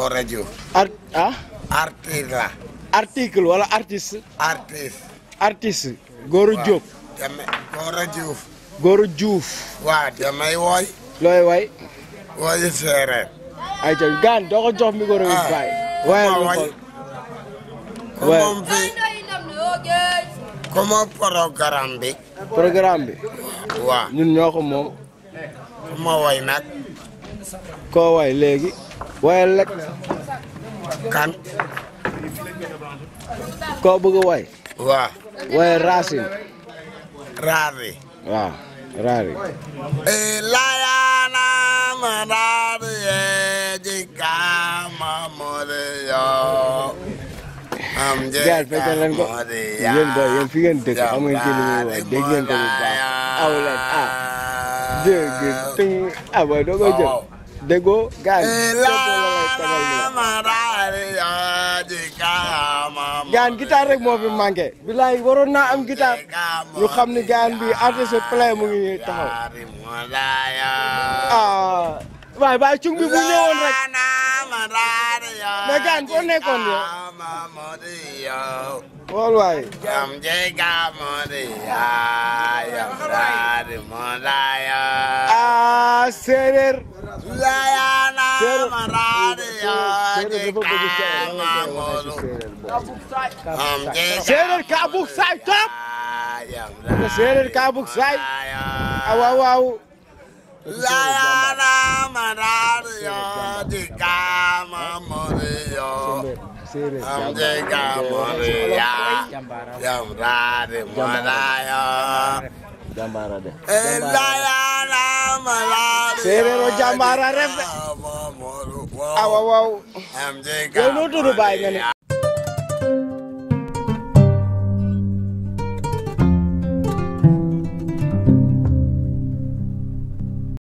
ko rajo. Ah? wala artiste. artiste. artiste. Góoru Diop. damay Góoru Diouf. Góoru Diouf. looy woy. gaan doo ko jox micro bi ah. baay. woyal ma xool moom fi comme bi. programme ñoo ko moom. ma woy nag. koo way léegi wayal lekk kan koo bëgg a way waaw wayal racine raari waaw raari eh, layaana ma raari yee jikaama mori yoo am jikaama mori yaa yéen ba yéen fi ngeen dëkk xam ngeen ci li muy wax dégg ngeen ko bu baax aw leen ah dégg tëng ah booy doo ko jël déggoo gars yi gaan guitare rek moo fi manqué bilaay waroon naa am guitare ñu xam ni gaan bi artiste play mu ngi taxaw ah waay waay cung bi bu ñëwoon rek mais gaan foo nekkoon yo wool waay jam jega ah séeréer Serer kabuk say top. Serer kabuk say. Au au au. La la la marario di cama morio. Jambara Serer jambara ref. ah waaw waaw. am jéggi noo tudd baay nga ne.